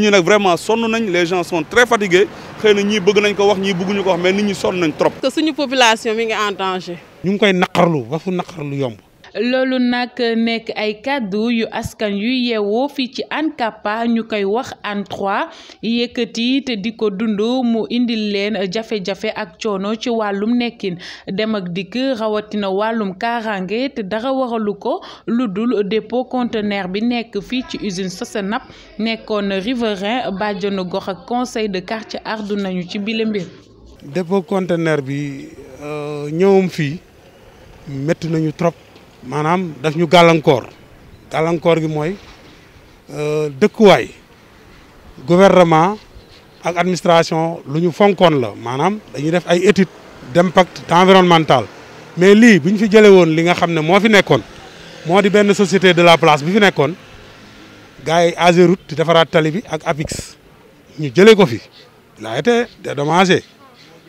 Nous vraiment les gens sont très fatigués Nous sommes mais trop. que population mi en danger. Nous sommes en danger loolu nag nekk ay kàddu yu askan yu yeewoo fii ci ANCAPA ñu koy wax an 3 te di ko mu indil leen jafe-jafe ak coono ci wàllum nekkin dem ak dikk rawatina wàllum kaaraange te dara waralu ko lu dépôt conteneur bi nekk fii ci usine Sosenap nekkoon riverain bàjjanu gox ak conseil de quartier ardu nañu ci bile mbir. dépôt conteneur bi euh, ñëwum fii métti nañu trop. maanaam def ñu gàllankoor gàllankoor gi mooy euh, dëkkuwaay gouvernement ak administration lu ñu fonkoon la maanaam dañuy def ay étude d'impact environnemental mais lii bu ñu fi jëlee woon li nga xam ne moo fi nekkoon moo di benn société de la place bi fi nekkoon gars yi Ageroute di defaraat tali bi ak APIX ñu jëlee ko fi il a été dédommagé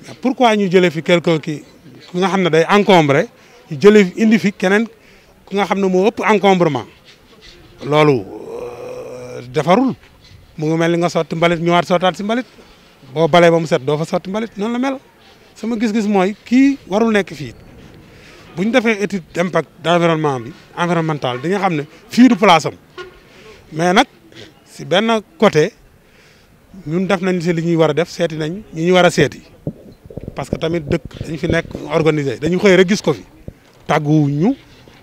mais ñu jëlee fi quelqu'un ki nga xam ne day encombré ñu jëlee indi fi keneen ku nga xamne mo moo ëpp encombrement loolu euh, defarul mu ngi melni nga soti mbalit ñëwaat sottaat ci mbalit bo balay ba mu set do fa soti mbalit non la mel sama gis-gis moy ki warul nek fi buñ defé étude d'impact d'environnement bi environnemental di nga xamne ne du place am mais nak si ben côté ñun def nañ ci li ñuy war def séti nañ ñi ñuy war a parce que tamit dëkk dañ fi nek organisé dañu xëy rek gis ko fi tàgguwuñu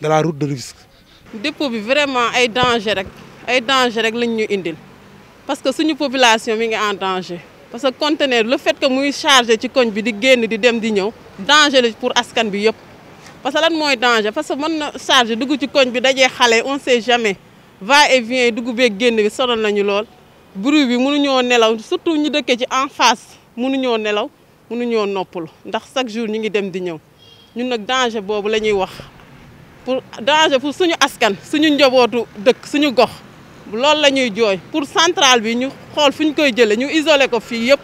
de la route de risque. dépôt bi vraiment ay danger rek ay danger rek lañ indil parce que suñu population mi ngi en danger parce que conteneur le fait que muy chargé ci koñ bi di de di dem di danger pour askan bi parce que lan mooy danger parce que mon na du coup ci koñ bi dajee xale on sait jamais va et vient dugg beeg guen, bi sonal nañu lool bruit bi mënuñoo nelaw surtout ñu dëkkee ci en face mon nelaw mënuñoo noppalu ndax chaque jour ñu ngi dem di ñëw ñun nag danger boobu la wax. pour danger pour suñu askan suñu njabootu dëkk suñu gox loolu la ñuy jooy pour centrale bi ñu xool fu ñu koy jëlee ñu isolé ko fii yëpp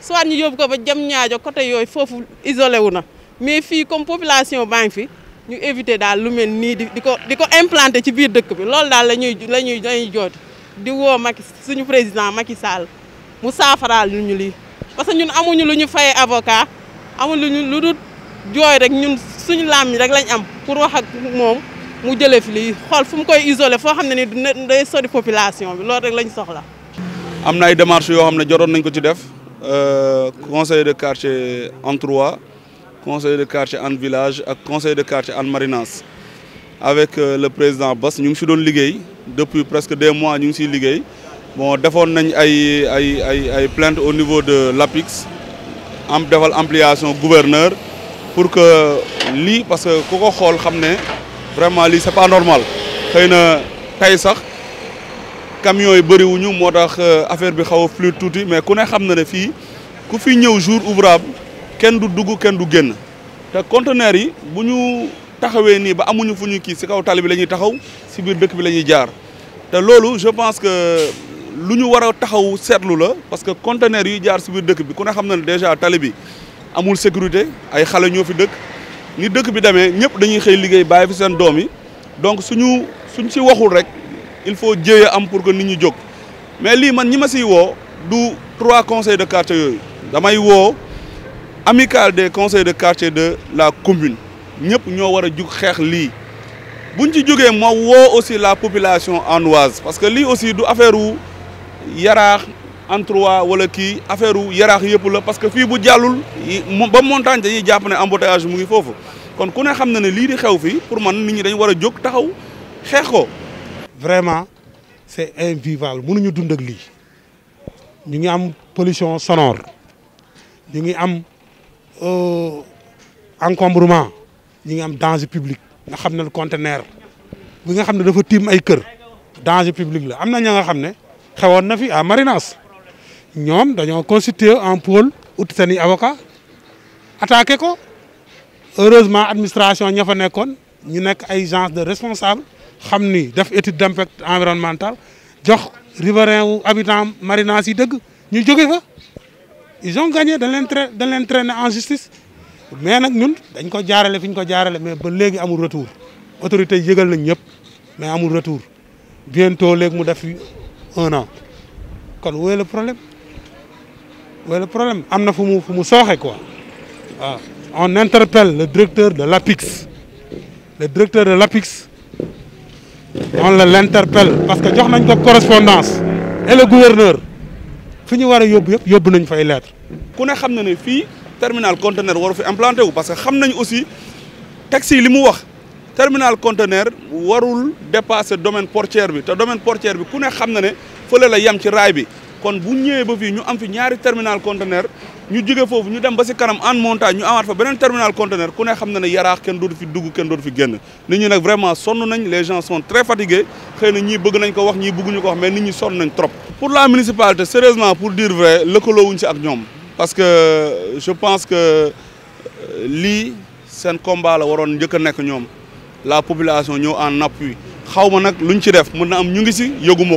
soit ñu yóbbu ko ba jam ñaajo côté yooyu foofu isolé wu na mais fii comme population baa ngi fi ñu éviter daal lu mel nii di ko di ko implanté ci biir dëkk bi loolu daal la ñuy la ñuy la ñuy jooytu di woo Macky suñu président Macky Sall mu saafaraal ñu lii parce que ñun amuñu lu ñu fayee avocat amuñu lu ñu lu dul jooy rek ñun. suñu lami rek lañ am pour wax ak mom mu jëlee fi lii xool fu mu koy isoler fo xamné ne ni day sori population bi lool rek lañ soxla. am na ay démarches yoo xam ne nañ ko ci def euh conseil de quartier en trois conseil de quartier en village ak conseil de quartier en marinance avec euh, le président Bass ñu ci si doon liggéey depuis presque deux mois ñu ci siy liggéey bon defoon nañ ay ay ay ay plainte au niveau de l'APIX am défal ampliation gouverneur pour que li parce que ku ko xool xam vraiment li c'est pas normal xëy tay sax camion yi bëriwuñu wuñu motax euh, affaire bi xaw a touti mais ku ne xam na ne ku fi ñëw jour ouvrable kenn du dugg kenn du génn te conteneur yi buñu taxawé ni ba amuñu fuñu ki ci kaw talibi lañuy taxaw ci biir dëkk bi lañuy jaar te lolu je pense que luñu wara taxaw setlu la parce que conteneur yi jaar ci biir dëkk bi ku ne xam déjà talibi amul sécurité ay xalé ñoo fi dëkk ni dëkk bi démé ñëpp dañuy xey liggéey bàyyi fi seen doom yi donc suñu suñ ci waxul rek il faut jéye am pour que nit ñi jog mais li man ñima ci wo du trois conseils de quartier yooyu damay wo amical des conseils de quartier de la commune ñëpp ñoo wara a jug xeex lii buñ ci jógee mo wo aussi la population hannoise parce que li aussi du affaire wu yaraax en trois wala kii affaire u yaraax yëpp parce que fi bu jàllul ba montagne dañuy japp ne embouteillage mu ngi fofu kon ku ne xam na ne li di xew fi pour man nit ñi dañ wara jog taxaw xeex ko. vraiment c'est invivable mënuñu dund ak li ñu ngi am pollution sonore ñu ngi am euh encombrement ñu ngi am danger public nga xam le conteneur bi nga xam ne dafa tim ay kër danger public la amna na nga xam ne xewoon na fi à Marinas ñom dañoo constitué en pôle outil seen avocat attaqué ko heureusement administration ña fa un ñu nekk ay gens de responsable xamni def étude d'impact environnemental jox riverain ou habitant marina yi deug ñu fa ils ont gagné dans leen dañ en justice mais nak ñun dañ ko jaarale fiñ ko jaarale mais ba légui amul retour autorité yégal nañ ñep mais amul retour bientôt il mu def un an kon où est le problème où le problème am na a mu quoi ah, on interpelle le directeur de l'APIX le directeur de l'APIX on l'interpelle parce que jox nañ ko correspondance et le gouverneur fi ñu war a yóbbu de nañ fay lettre ku ne On na ne terminal conteneur waru fi implanté parce que nous aussi taxi li wax terminal conteneur warul dépasser domaine portière bi te domaine portière bi ku que xam na ne fële la yem ci kon bu ñëwé ba fi ñu am fi ñaari terminal conteneur ñu jóge fofu ñu dem ba ci kanam en montagne ñu amat fa benen terminal conteneur ku ne xam na ne yaraax kenn fi dugg kenn dootu fi génn nit ñi nak vraiment sonn nañ les gens sont très fatigués xeyna ñi bëgg nañ ko wax ñii bëgguñu ko wax mais nit ñi sonn nañ trop. pour la municipalité sérieusement pour dire vrai lëkkaloowuñ ci ak ñom parce que je pense que euh, li sen combat la waron njëkk nek ñom la population ñëw en appui xawma nak luñ ci def mëna am ñu ngi ci yëguma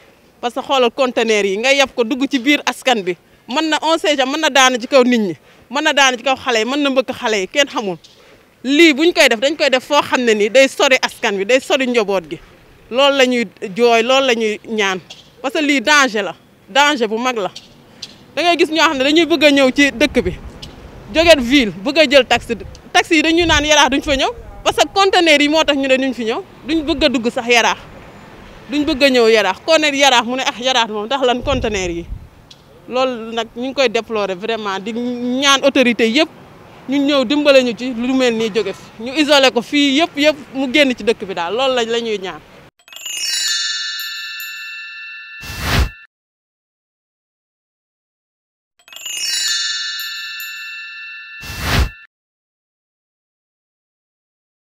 parce que xoolal conteneur yi nga yeb ko dugg ci biir askan bi mën na on sait mën na daanu ci kaw nit ñi mën na daanu ci kaw xale yi mën na mbëkk xale yi kenn xamul lii bu ñu koy def dañ koy def foo xam ne nii day sori askan bi day sori njaboot gi loolu la ñuy jooy loolu la ñuy ñaan parce que lii danger la danger bu mag la da ngay gis ñoo xam ne dañuy bëgg a ñëw ci dëkk bi jóge ville bëgg a jël taxi taxi yi dañuy naan yaraax duñ fa ñëw parce que conteneur yi moo tax ñu ne duñ fi ñëw duñ bëgg a dugg sax yaraax duñ bëgg a ñëw yaraax koo ne yaraax mu ne ah yaraax moom ndax lan conteneur yi loolu nag ñu ngi koy déplorer vraiment di ñaan autorité yëpp ñu ñëw dimbale ñu ci lu mel nii jóge fi ñu isolé ko fii yëpp yëpp mu génn ci dëkk bi daal loolu lañ la ñuy ñaan